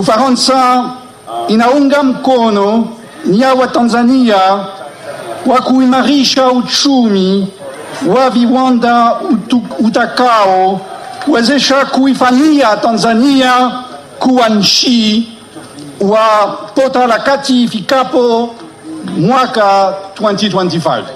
Ufaransa inaunga mkono nia wa Tanzania wa kuimarisha uchumi wa viwanda utakao wezesha kuifanyia Tanzania kuwa nchi wa pota la kati ifikapo mwaka 2025.